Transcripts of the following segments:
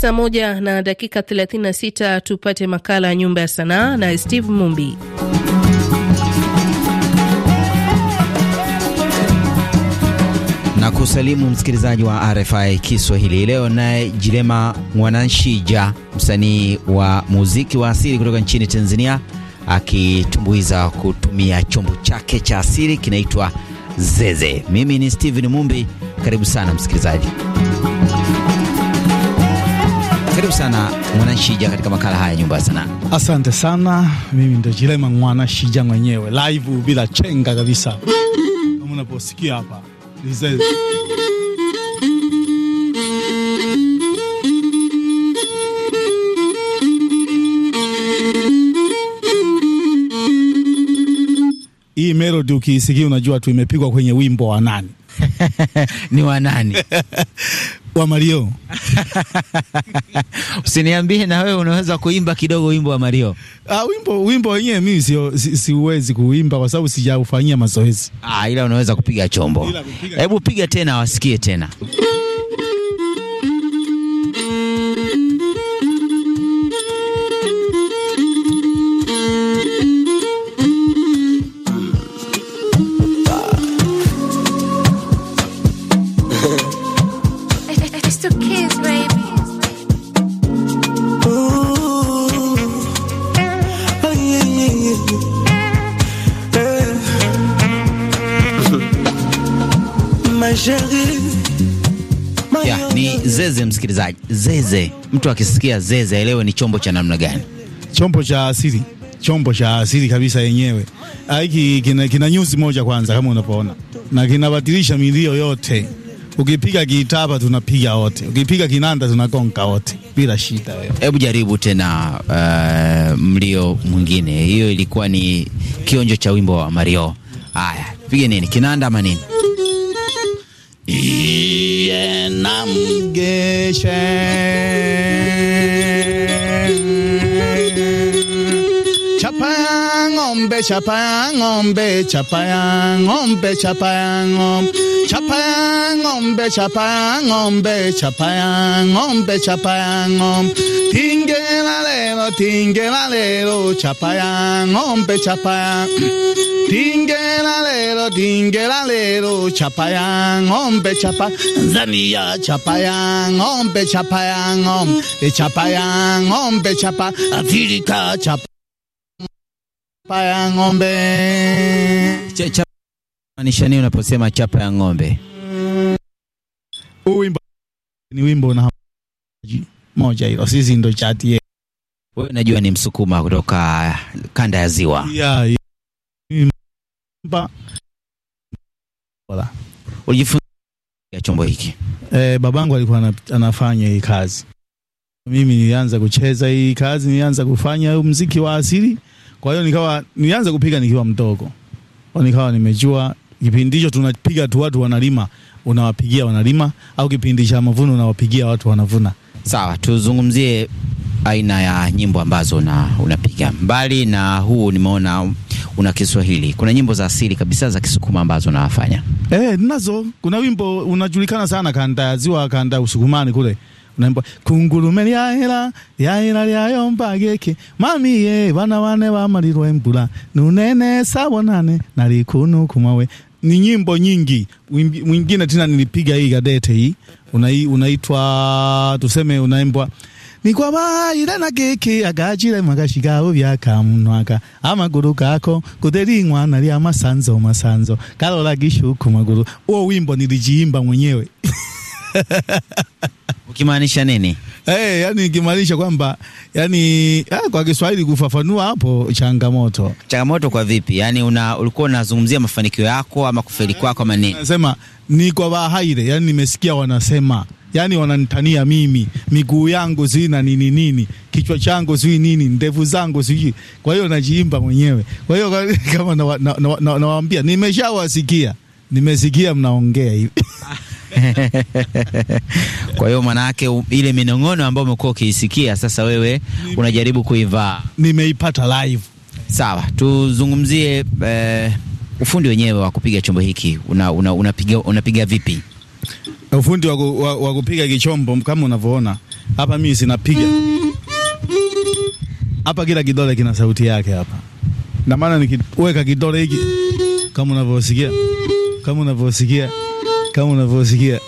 Saa moja na dakika 36 tupate makala ya nyumba ya sanaa na Steve Mumbi. na kusalimu msikilizaji wa RFI Kiswahili. Leo naye Jilema Mwananshija, msanii wa muziki wa asili kutoka nchini Tanzania, akitumbuiza kutumia chombo chake cha asili kinaitwa zeze. Mimi ni Steven Mumbi, karibu sana msikilizaji. Karibu sana Mwanashija katika makala haya nyumba ya sanaa. Asante sana, mimi ndo Jilema Mwanashija mwenyewe live bila chenga kabisa, kama unaposikia hapa hii melodi ukiisikia, unajua tu imepigwa kwenye wimbo wa nani? ni wa nani? wa Mario. Usiniambie na wewe unaweza kuimba kidogo wimbo wa Mario. Ah, wimbo wimbo wenyewe mimi sio siwezi si kuimba kwa sababu sijaufanyia mazoezi. Ah, ila unaweza kupiga chombo. Hebu piga tena wasikie tena. ni zeze msikilizaji, zeze. Mtu akisikia zeze aelewe ni chombo cha namna gani? Chombo cha asili, chombo cha asili kabisa yenyewe. Ah, hiki kina, kina nyuzi moja kwanza, kama unapoona, na kinabatilisha milio yote. Ukipiga kitapa tunapiga wote, ukipiga kinanda tunagonga wote bila shida. Wewe hebu jaribu tena uh, mlio mwingine. Hiyo ilikuwa ni kionjo cha wimbo wa Mario. Haya, pige nini, kinanda ama nini? Ienam geshen. ombe chapayang ombe chapayang ombe chapayang om chapayang ombe chapayang ombe chapayang ombe chapayang om tinge lalero tinge lalero chapayang ombe chapayang tinge lalero tinge lalero chapayang ombe chapa zania chapayang ombe chapayang om chapayang ombe chapa afrika chapa ya ng'ombe. Maanisha nini unaposema chapa ya ng'ombe? Huu wimbo ni wimbo na moja hilo sisi ndo chati ye. Wewe najua ni msukuma kutoka kanda ya Ziwa. Yeah, yeah. Ulijifunza chombo hiki? Eh, babangu alikuwa anafanya hii kazi, mimi nilianza kucheza hii kazi, nilianza kufanya muziki wa asili kwa hiyo nikawa nianze kupiga nikiwa mdogo, nikawa nimejua kipindi hicho tunapiga tu watu wanalima, unawapigia wanalima, au kipindi cha mavuno unawapigia watu wanavuna. Sawa, tuzungumzie aina ya nyimbo ambazo una, unapiga mbali na huu. Nimeona una Kiswahili, kuna nyimbo za asili kabisa za Kisukuma ambazo unawafanya eh? Nazo kuna wimbo unajulikana sana kanda ya Ziwa, kanda ya Usukumani kule unaimba kungurume lyahera lyahera lyayomba geke mamiye bana bane vamalirwa embula nunene sabonane nalikunu kumawe ni nyimbo nyingi. Mwingine tena nilipiga hii gadete hii unai, unaitwa tuseme, unaimbwa nikwabaire na geke agachire magashigao vyakamunwaka amaguru gako kuderingwa na lya masanzo masanzo kalola gishuku maguru. Uo wimbo nilijiimba mwenyewe Ukimaanisha nini? Hey, eh, yani ikimaanisha kwamba yani ya, ah, kwa Kiswahili kufafanua hapo changamoto. Changamoto kwa vipi? Yani una ulikuwa unazungumzia mafanikio yako ama kufeli eh, kwako ama nini? Nasema ni kwa bahaire, yani nimesikia wanasema yani wananitania mimi, miguu yangu sijui na nini nini, kichwa changu sijui nini, ndevu zangu sijui. Kwa hiyo najiimba mwenyewe. Kwa hiyo kama nawaambia, na, na, na, na, na, nimeshawasikia, nimesikia mnaongea hivi Kwa hiyo manake ile minong'ono ambayo umekuwa ukiisikia sasa wewe unajaribu kuivaa. Nimeipata live. Sawa, tuzungumzie eh, ufundi wenyewe wa kupiga chombo hiki una, una, unapiga, unapiga vipi? Ufundi wa kupiga kichombo kama unavyoona hapa, mimi sinapiga hapa, kila kidole kina sauti yake hapa, na maana nikiweka kidole hiki kama unavyosikia, kama unavyosikia kama unavyosikia,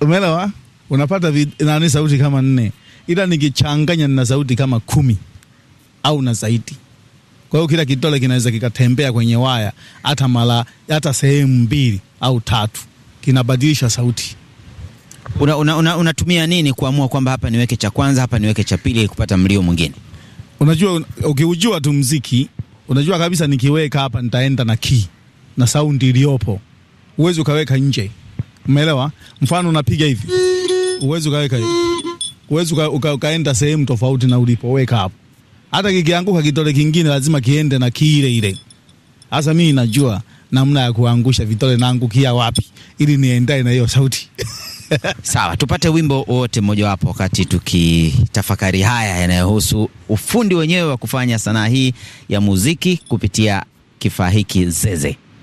umeelewa? Unapata nani sauti kama nne, ila nikichanganya na sauti kama kumi au na zaidi. Kwa hiyo kila kidole kinaweza kikatembea kwenye waya hata mara hata sehemu mbili au tatu, kinabadilisha sauti. Unatumia una, una, una nini kuamua kwamba hapa niweke cha kwanza, hapa niweke cha pili, kupata mlio mwingine? Unajua, ukiujua tu mziki unajua kabisa nikiweka hapa nitaenda na ki na saundi iliyopo uwezi ukaweka nje, umeelewa? Mfano unapiga hivi, uwezi ukaweka hivi, uwezi uka, uka, ukaenda sehemu tofauti na ulipoweka hapo. Hata kikianguka kitole kingine lazima kiende na kiile ile. Sasa mimi najua namna ya kuangusha vitole naangukia wapi ili niendae na hiyo sauti. Sawa, tupate wimbo wote mmojawapo wakati tukitafakari haya yanayohusu ufundi wenyewe wa kufanya sanaa hii ya muziki kupitia kifaa hiki zeze.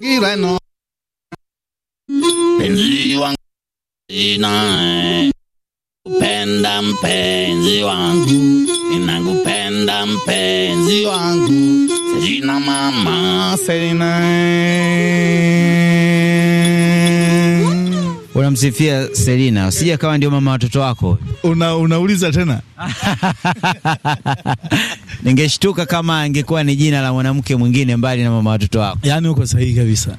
Kireno. Mpenzi wangu ninae. mpenzi wangu. Ninakupenda mpenzi wangu. Selina mama, Selina unamsifia Selina, sija kawa ndio mama watoto wako. Una, unauliza tena ningeshtuka kama angekuwa ni jina la mwanamke mwingine mbali na mama watoto wako. Yani uko sahihi kabisa.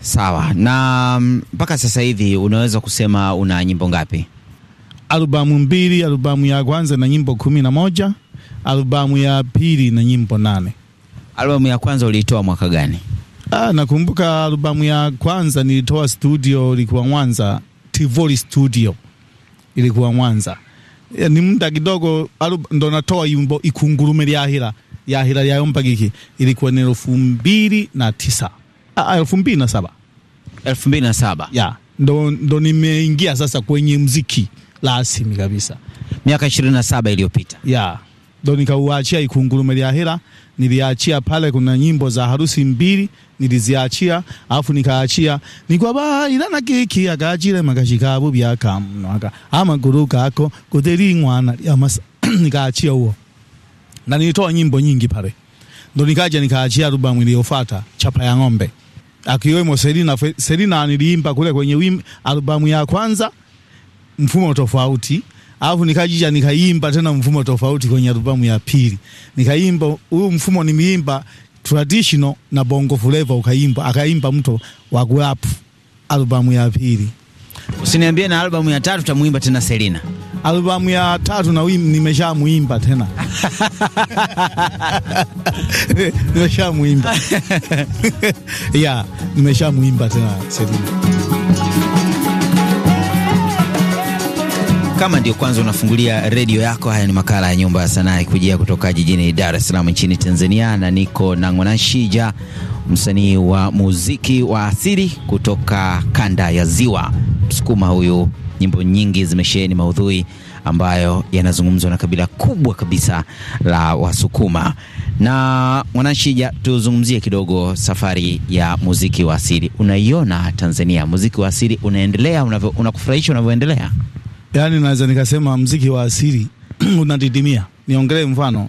Sawa. Na mm, mpaka sasa hivi unaweza kusema una nyimbo ngapi? Albamu mbili, albamu ya kwanza na nyimbo kumi na moja, albamu ya pili na nyimbo nane. Albamu ya kwanza uliitoa mwaka gani? Ah, nakumbuka albamu ya kwanza nilitoa studio ilikuwa Mwanza, Tivoli Studio ilikuwa Mwanza. Ya, ni muda kidogo ndo natoa yimbo ikungurume ya yahira lyayompagiki ilikuwa ni elfu mbili na tisa ah, elfu mbili na saba elfu mbili na saba ya ndo, ndo nimeingia sasa kwenye mziki rasmi kabisa miaka ishirini na saba iliyopita ya ndo nikauachia ikungurume lyahira niliachia pale, kuna nyimbo za harusi mbili niliziachia, afu nikaachia nikwa ba irana kiki akachire magashikabu byaka mwaka amaguru kako kuderi mwana amasa nikaachia huo, na nilitoa nyimbo nyingi pale, ndo nikaja nikaachia albamu iliyofuata chapa ya ng'ombe, akiwemo Selina. Selina niliimba kule kwenye albamu ya kwanza mfumo tofauti alafu nikajija nikaimba tena mfumo tofauti kwenye albamu ya pili. Nikaimba huu mfumo, nimeimba traditional na bongo flava, ukaimba akaimba mtu wa rap albamu ya pili. Usiniambie na albamu ya tatu tamuimba tena Selina. Albamu ya tatu na nimesha muimba tena nimesha muimba yeah, nimesha muimba tena Selina. Kama ndio kwanza unafungulia redio yako, haya ni makala ya Nyumba ya Sanaa ikujia kutoka jijini Dar es Salaam nchini Tanzania, na niko na Ng'onashija, msanii wa muziki wa asili kutoka kanda ya Ziwa. Msukuma huyu, nyimbo nyingi zimesheheni maudhui ambayo yanazungumzwa na kabila kubwa kabisa la Wasukuma. Na Mwanashija, tuzungumzie kidogo safari ya muziki wa asili. Unaiona Tanzania muziki wa asili unaendelea, unakufurahisha unavyoendelea? yani naweza nikasema mziki wa asili unadidimia. Niongelee mfano,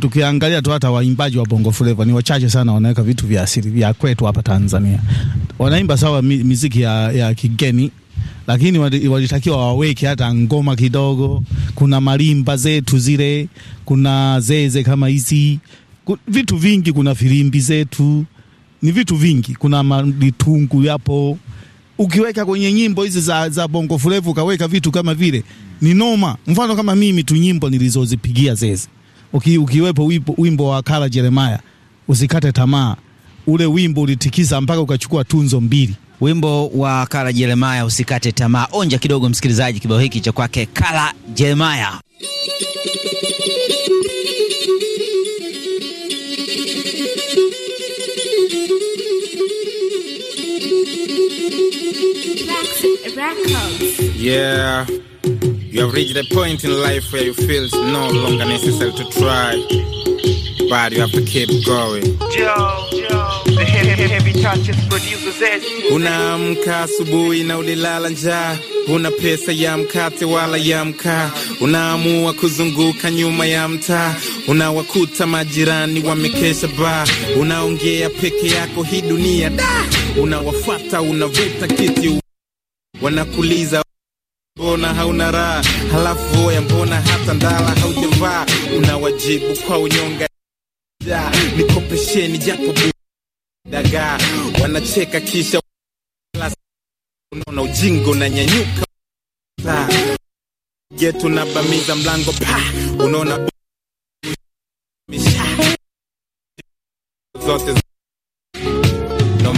tukiangalia tu hata waimbaji wa Bongo Flava ni wachache sana wanaweka vitu vya asili vya kwetu hapa Tanzania. Wanaimba sawa miziki ya, ya kigeni lakini walitakiwa waweke hata ngoma kidogo. Kuna marimba zetu zile, kuna zeze kama hizi, vitu vingi, kuna filimbi zetu, ni vitu vingi, kuna maditungu yapo ukiweka kwenye nyimbo hizi za, za bongo fulevu ukaweka vitu kama vile ni noma. Mfano kama mimi tu nyimbo nilizozipigia zezi uki, ukiwepo wimbo, wimbo wa Kala jeremaya usikate tamaa, ule wimbo ulitikisa mpaka ukachukua tunzo mbili wimbo wa Kala Jeremaya usikate tamaa. Onja kidogo msikilizaji, kibao hiki cha kwake Kala Jeremaya Yeah, you have reached a point in life where you feel it's no longer necessary to try, but you have to keep going. Eh? Unaamka asubuhi na ulilala njaa una pesa ya mkate wala ya mkaa, unaamua kuzunguka nyuma ya mtaa, unawakuta majirani wamekesha baa, unaongea peke yako, hii dunia da Unawafata, unavuta kiti, wanakuliza mbona hauna raha, halafu oya, mbona hata ndala haujavaa? Unawajibu kwa unyonga, nikopesheni japo daga wanacheka kisha unaona ujingo na nyanyuka getu nabamiza mlango pa unaona zote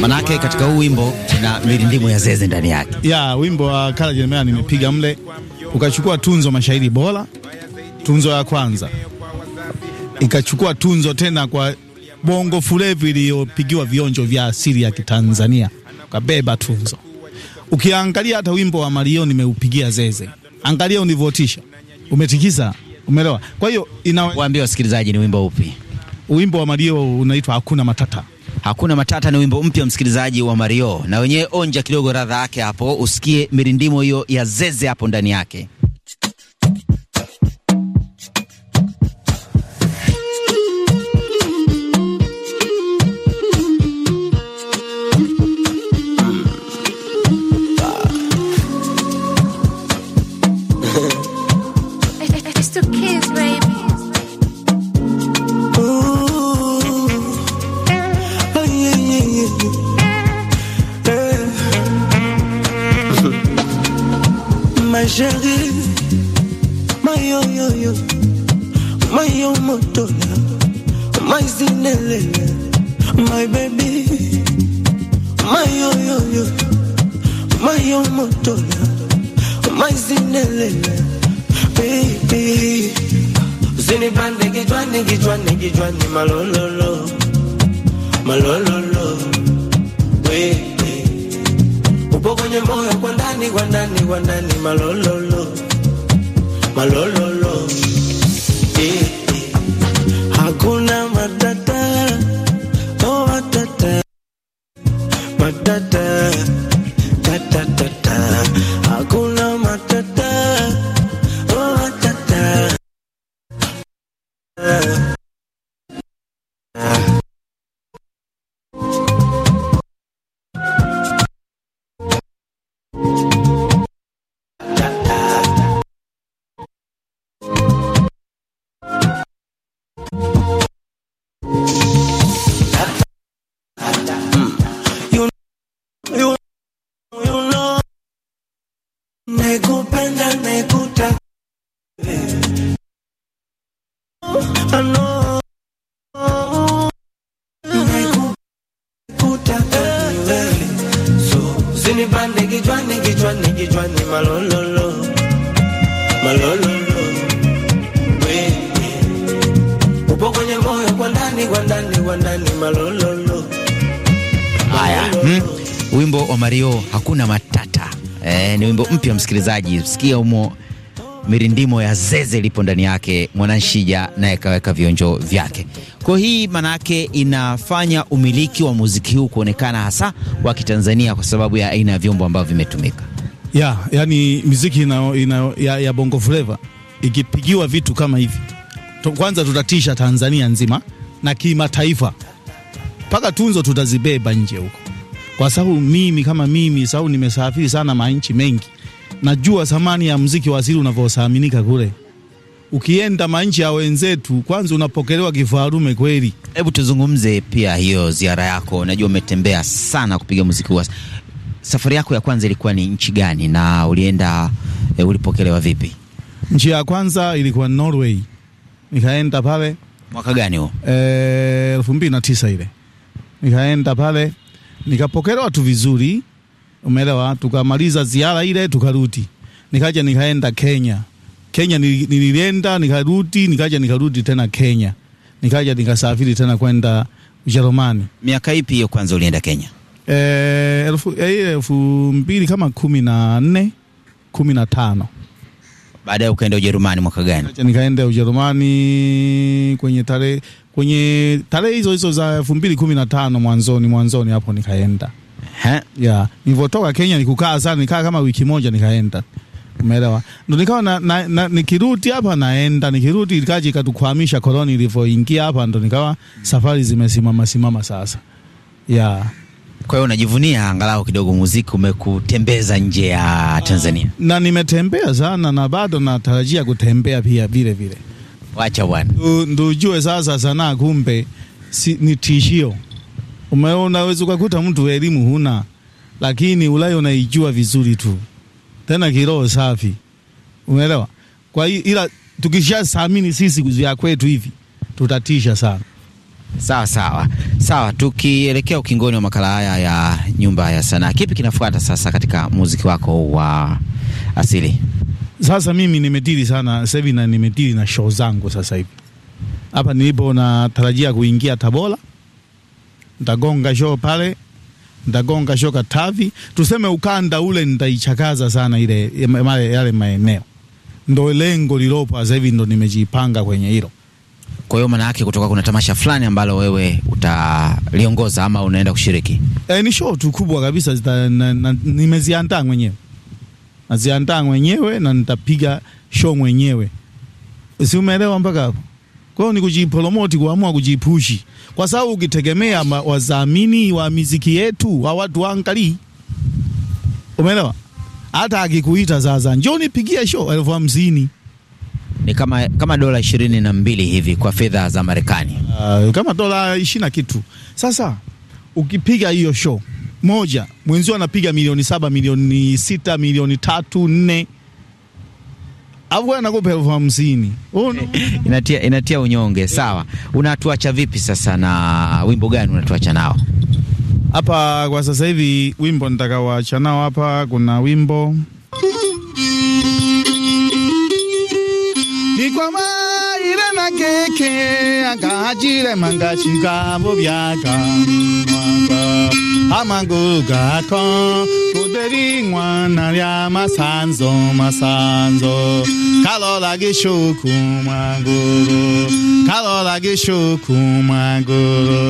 Manake katika huu wimbo kuna mirindimu ya zeze ndani yake. Ya wimbo wa Kala Jeremiah nimepiga mle ukachukua tunzo mashairi bora, tunzo ya kwanza ikachukua tunzo tena kwa bongo flavor iliyopigiwa vionjo vya asili ya Kitanzania, ukabeba tunzo. Ukiangalia hata wimbo wa Mario nimeupigia zeze, angalia univotisha, umetikisa, umelewa. Kwa hiyo inawaambia wasikilizaji ni wimbo upi wimbo wa Mario unaitwa Hakuna Matata. Hakuna Matata ni wimbo mpya msikilizaji wa Mario, na wenyewe onja kidogo radha yake hapo, usikie mirindimo hiyo ya zeze hapo ndani yake. ma chérie, ma yo yo yo, ma yo motola, ma zinelele, my baby, ma yo yo yo, ma yo motola, ma zinelele, baby. Zini bande gijwani gijwani gijwani malololo, malololo, wait. upo kwenye moyo kwa ndani kwa ndani kwa ndani, malololo malololo, eh, eh. hakuna matata oh, matata matata tata hakuna matata kichwani, malololo, malololo, upo kwenye moyo, kwa ndani, kwa ndani, kwa ndani, malololo. Haya, hmm. wimbo wa Mario hakuna matata. Eh, ni wimbo mpya msikilizaji, sikia umo mirindimo ya zeze ilipo ndani yake, Mwananshija naye kaweka vionjo vyake. Kwa hii maana yake inafanya umiliki wa muziki huu kuonekana hasa wa Kitanzania kwa sababu ya aina ya vyombo ambavyo vimetumika. Yeah, yani muziki ina, ina, ya, ya Bongo Flava ikipigiwa vitu kama hivi, kwanza tutatisha Tanzania nzima na kimataifa, mpaka tunzo tutazibeba nje huko, kwa sababu mimi kama mimi sababu nimesafiri sana manchi mengi najua thamani ya mziki wa asili unavyosaminika kule. Ukienda manchi ya wenzetu, kwanza unapokelewa kifarume kweli. Hebu tuzungumze pia hiyo ziara yako, najua umetembea sana kupiga muziki wa safari yako ya kwanza ilikuwa ni nchi gani na ulienda e, ulipokelewa vipi? Nchi ya kwanza ilikuwa Norway, nikaenda pale mwaka gani huo? E, elfu mbili na tisa ile nikaenda pale nikapokelewa tu vizuri umeelewa. Tukamaliza ziara ile tukarudi, nikaja nikaenda Kenya. Kenya nilienda nikarudi, nikaja nikarudi tena Kenya, nikaja nikasafiri tena kwenda Ujerumani. Miaka ipi hiyo kwanza ulienda Kenya? E, elfu, eh, elfu mbili kama kumi na nne kumi na tano. Baadaye ukaenda Ujerumani mwaka gani? Nikaenda Ujerumani kwenye tarehe kwenye tarehe hizo hizo za elfu mbili kumi na tano mwanzoni mwanzoni hapo nikaenda He? Yeah. Nilivotoka Kenya nikukaa sana, nikaa kama wiki moja nikaenda. Umeelewa? Ndo nikawa na, na, na nikirudi hapa naenda, nikiruti, ikaje ikatukwamisha koloni ilivyoingia hapa ndo nikawa safari zimesimama simama sasa. Yeah. Kwa hiyo unajivunia angalau kidogo muziki umekutembeza nje ya Tanzania? Uh, na nimetembea sana na bado natarajia kutembea pia vile vile. Wacha bwana. Ndio ujue sasa sanaa kumbe si, ni tishio. Umeona, Unaweza ukakuta mtu elimu huna, lakini Ulaya unaijua vizuri tu, tena kiroho safi, umeelewa? Kwa hiyo ila tukishasamini sisi kuzuia kwetu hivi tutatisha sana. Sawa sawa sawa, tukielekea ukingoni wa makala haya ya nyumba ya sanaa, kipi kinafuata sasa katika muziki wako wa asili? Sasa mimi nimetili sana sasa hivi na nimetili na show zangu sasa hivi hapa nilipo, natarajia kuingia Tabora ndagonga show pale, ndagonga show Katavi, tuseme ukanda ule ndaichakaza sana ile yale maeneo. Ndo lengo lilopo sasa hivi, ndo nimejipanga kwenye hilo. Kwa hiyo maana yake kutoka kuna tamasha fulani ambalo wewe utaliongoza ama unaenda kushiriki? E, ni show tu kubwa kabisa, nimeziandaa mwenyewe, naziandaa mwenyewe na nitapiga show mwenyewe, si umeelewa mpaka hapo? Kwa hiyo ni kujipromote, kuamua kujipushi, kwa sababu ukitegemea wazamini wa miziki yetu wangali, Umeelewa? Hata akikuita sasa, njoo nipigie show elfu hamsini ni kama, kama dola ishirini na mbili hivi kwa fedha za Marekani. Uh, kama dola ishirini na kitu. Sasa ukipiga hiyo show moja, mwenzio anapiga milioni saba, milioni sita, milioni tatu, nne au anakupa elfu hamsini inatia, inatia unyonge. Sawa, unatuacha vipi sasa, na wimbo gani unatuacha nao hapa kwa sasa hivi? Wimbo nitakaoacha nao hapa, kuna wimbo Nikwama ire na keke akajire mangachika bobyaka amaguga atọ uderinwana ya masanzo masanzo kalola gishuku maguru kalola gishuku maguru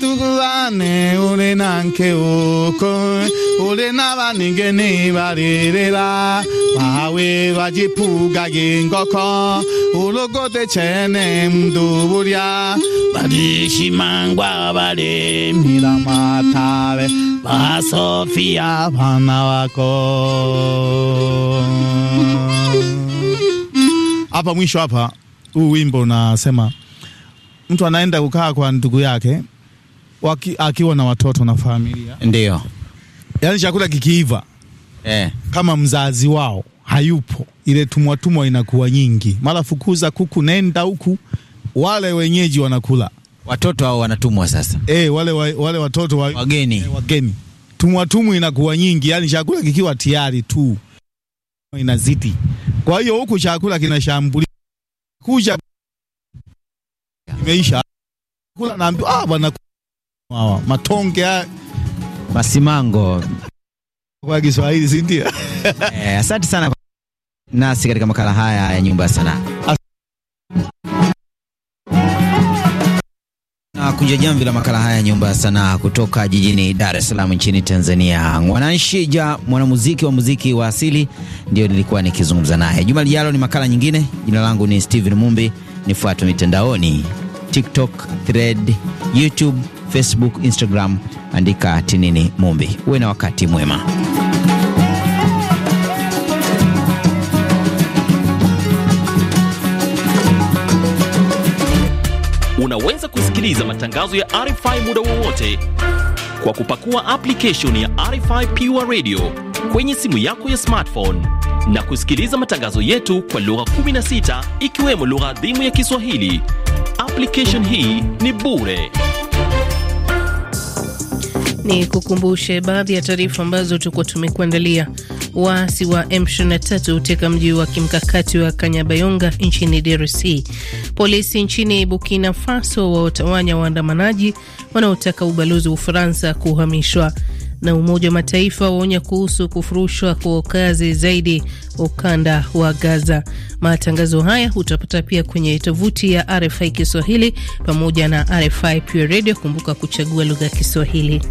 tugane uri nanke uko uri n'abanige nibaririra bawe ngoko ingoko urugode cene mduburya barishimangwa baremira amatabe ba sofiya bana wako hapa mwisho hapa huu wimbo unasema mtu anaenda kukaa kwa ndugu yake waki, akiwa na watoto na familia, ndio yaani chakula kikiiva eh, kama mzazi wao hayupo, ile tumwa tumwa inakuwa nyingi, mara fukuza kuku, nenda huku, wale wenyeji wanakula watoto hao wanatumwa sasa. E, wale, wa, wale watoto wa, wageni, e, wageni. tumwa tumwa inakuwa nyingi, yani chakula kikiwa tayari tu inazidi. Kwa hiyo huku chakula kinashambulia kuja imeisha kula naambiwa ah, bwana Hawa matonge masimango kwa Kiswahili si ndio? Eh, asante sana nasi katika makala haya ya nyumba ya sanaa. kunja jamvi la makala haya ya nyumba ya sanaa kutoka jijini Dar es Salaam nchini Tanzania. Mwananshija, ja mwanamuziki wa muziki wa asili ndio nilikuwa nikizungumza naye. Juma lijalo ni makala nyingine. Jina langu ni Steven Mumbi, nifuatwe mitandaoni. TikTok, Thread, YouTube, Facebook, Instagram, andika Tinini Mumbi. Uwe na wakati mwema. Unaweza kusikiliza matangazo ya RFI muda wowote kwa kupakua application ya RFI Pure Radio kwenye simu yako ya smartphone na kusikiliza matangazo yetu kwa lugha 16 ikiwemo lugha adhimu ya Kiswahili. Application hii ni bure. Ni kukumbushe baadhi ya taarifa ambazo tulikuwa tumekuandalia. Waasi wa M23 huteka mji wa kimkakati wa Kanyabayonga nchini DRC. Polisi nchini Burkina Faso watawanya waandamanaji wanaotaka ubalozi wa Ufaransa kuhamishwa na Umoja wa Mataifa waonya kuhusu kufurushwa kwa wakazi zaidi ukanda wa Gaza. Matangazo haya utapata pia kwenye tovuti ya RFI Kiswahili pamoja na RFI Pure Radio. Kumbuka kuchagua lugha ya Kiswahili.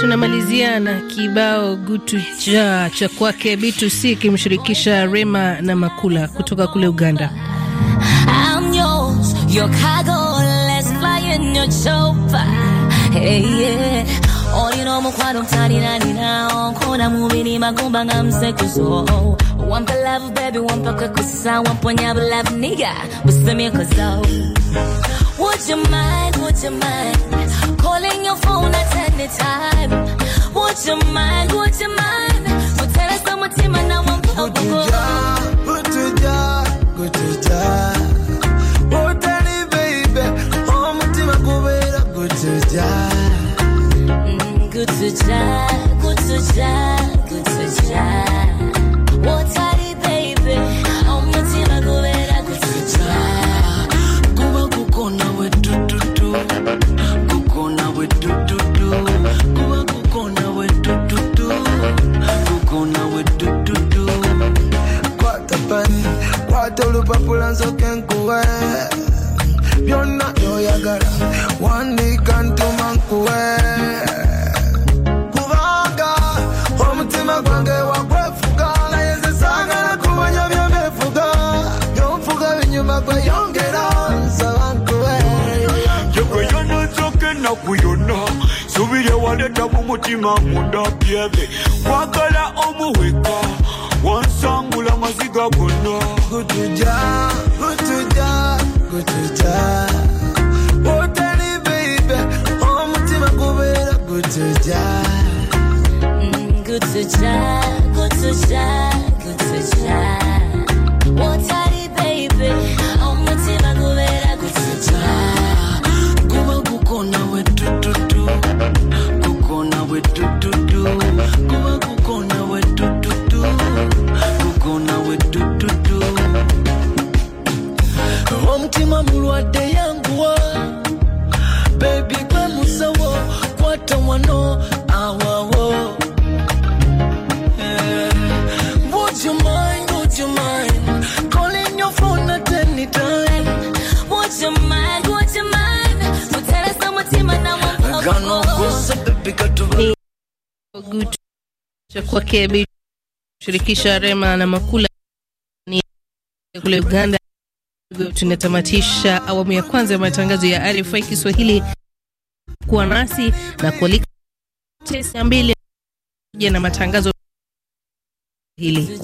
Tunamalizia na kibao gutuja cha kwake B2C kimshirikisha Rema na Makula kutoka kule Uganda. I'm yours, your cargo. nyotsopa olina omukwano talinanina onkona mubiri magumba nga msekuzo wampa love baby wampa kwekusa wamponya bulove niga busemye kozo Would you mind, would you mind Calling your phone at any time Would you mind, would you mind Kutera sa to na wampa kuko Kutuja, kutuja, kutuja good to try, good to try, good to try. tujja kuyona subira waleeta mu mutima munda byebe wagala omuweka wansangula maziga gonna kutuja kutuja kutuja otali beibe omutima gubeera gutuja gutuja gutuja gutuja Do do do. kwake bi shirikisha Rema na Makula kule Uganda. Tunatamatisha awamu ya kwanza ya matangazo ya RFI Kiswahili. Kuwa nasi na kualika saa mbili na matangazo hili